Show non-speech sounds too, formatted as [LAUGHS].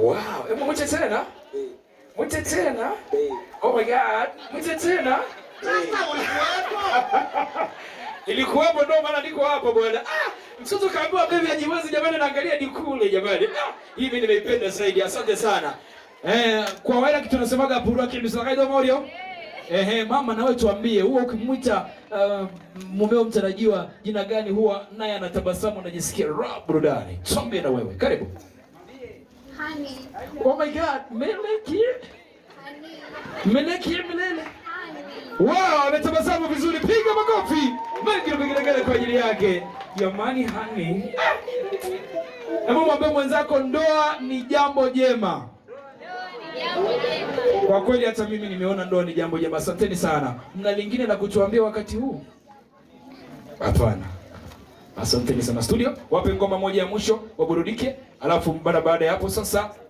Wow, hebu mwite tena. Mwite tena. Oh my God. Mwite tena. Nilikuwepo [LAUGHS] ndo maana niko hapa bwana. Ah, mtoto kaambiwa bibi ajiwezi jamani, naangalia ni kule jamani. Ah, hii mimi nimeipenda zaidi. Asante sana. Eh, kwa wale kitu tunasemaga burua kimisaka ndio morio. Ehe, mama nawe tuambie, huwa ukimwita uh, mumeo mtarajiwa jina gani huwa naye anatabasamu, anajisikia raha burudani? Tuambie na wewe, karibu. Oh my God, Meleki milele. Wow, ametabasamu vizuri, piga makofi vigelegele kwa ajili yake money honey. hebu mwambie mwenzako, ndoa ni jambo jema. Kwa kweli hata mimi nimeona ndoa ni jambo jema. Asanteni sana. Mna lingine la kutuambia wakati huu? Hapana. Asanteni sana studio, wape ngoma moja ya mwisho waburudike, alafu mara baada ya hapo sasa